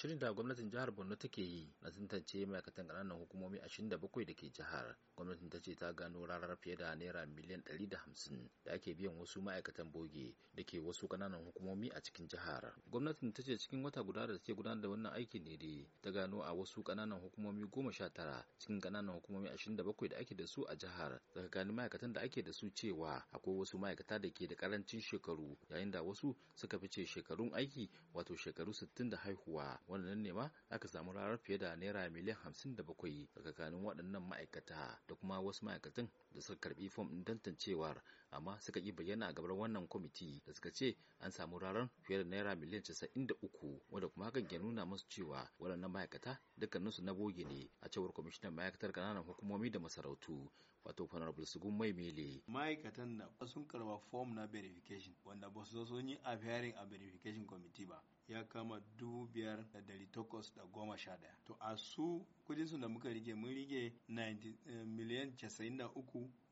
shirin da gwamnatin jihar Borno take yi na tantance ma'aikatan ƙananan hukumomi 27 da ke jihar, gwamnatin ta ce ta gano rarar fiye da naira miliyan ɗari da hamsin, da ake biyan wasu ma'aikatan boge da ke wasu ƙananan hukumomi a cikin jihar. Gwamnatin ta ce cikin wata guda da take gudanar da wannan aikin ne dai ta gano a wasu ƙananan hukumomi goma sha tara, cikin ƙananan hukumomi 27 da ake da su a jihar, tsakanin ma'aikatan da ake da su cewa akwai wasu ma'aikata da ke da ƙarancin shekaru yayin da wasu suka fice shekarun aiki wato shekaru 60 da haihuwa wanda nan ne ma aka samu rarar fiye da naira miliyan hamsin da bakwai tsakanin waɗannan ma'aikata da kuma wasu ma'aikatan da suka karbi fom ɗin tantancewar amma suka ƙi bayyana a gaban wannan kwamiti da suka ce an samu rarar fiye da naira miliyan casa'in da uku wanda kuma hakan ke nuna musu cewa waɗannan ma'aikata dukkaninsu na boge ne a cewar kwamishinan ma'aikatar ƙananan hukumomi da masarautu wato honorable sugun mai mele ma'aikatan na sun karba fom na verification wanda ba su zo sun yi a a verification committee ba ya kama dubu biyar ɗaya. to a su kudinsu da muka rige mun rige eh, miliyan 93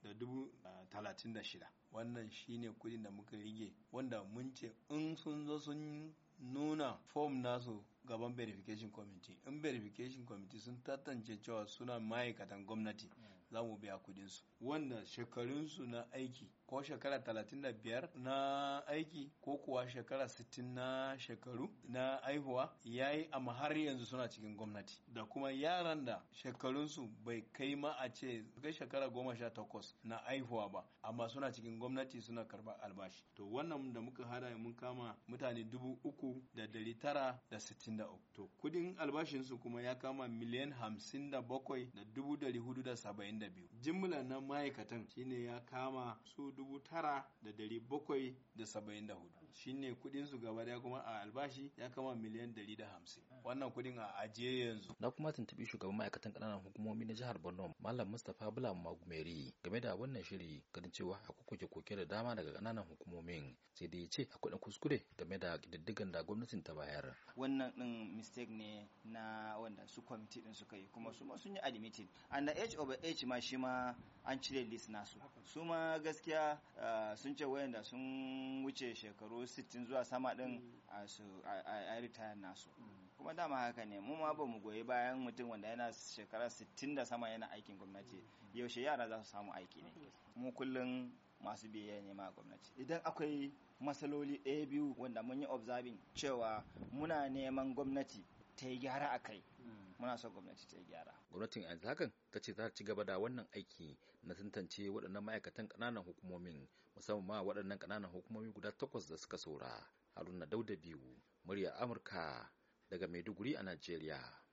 da dubu eh, talatin da shida wannan shine kudin da muka rige wanda mun ce in sun zo sun nuna fom nasu gaban verification committee in verification committee sun tantance cewa suna ma'aikatan gwamnati hmm. za mu biya kudinsu su wanda shekarunsu na aiki ko shekara 35 na aiki ko kuwa shekara 60 na shekaru na aihuwa yayi amma har yanzu suna cikin gwamnati da kuma yaran da shekarunsu bai kai ma a ce kai shekara 18 na aihuwa ba amma suna cikin gwamnati suna karba albashi to wannan da muka hada mun kama mutane dubu uku da dari tara da sittin kudin albashinsu kuma ya kama miliyan hamsin da bakwai da dubu dari hudu da saba'in da biyu. Jimla na ma'aikatan shine ya kama su dubu tara da dari bakwai da saba'in da hudu. Shine kudinsu gaba daya kuma a albashi ya kama miliyan dari da hamsin. Wannan kudin a ajiye yanzu. Na kuma tuntubi shugaban ma'aikatan kananan hukumomi na jihar Borno Malam Mustapha Bula Magumeri game da wannan shiri ganin cewa a kuke koke da dama daga kananan hukumomin sai dai ya ce akwai kuskure game da da gwamnatin ta bayar. Wannan din mistake ne na wanda su kwamiti din suka yi kuma su ma sun yi admitted and the age over age ma shi ma an cire list nasu su ma gaskiya uh, sun ce wayanda sun wuce shekaru 60 zuwa sama din mm. a retire nasu kuma dama haka ne mu ma ba mu goyi bayan mutum wanda yana shekara 60 da sama yana aikin gwamnati mm. yaushe yara za su samu aiki ne mu kullun masu biyayya ne ma gwamnati idan akwai matsaloli ɗaya biyu wanda mun yi observing cewa muna neman gwamnati ta yi gyara a kai hmm. muna so gwamnati ta yi gyara gwamnatin yanzu hakan ta ce za ta ci gaba da wannan aiki na tantance waɗannan ma'aikatan ƙananan hukumomin musamman ma waɗannan ƙananan hukumomi guda takwas da suka saura haruna dauda biyu murya amurka daga maiduguri a najeriya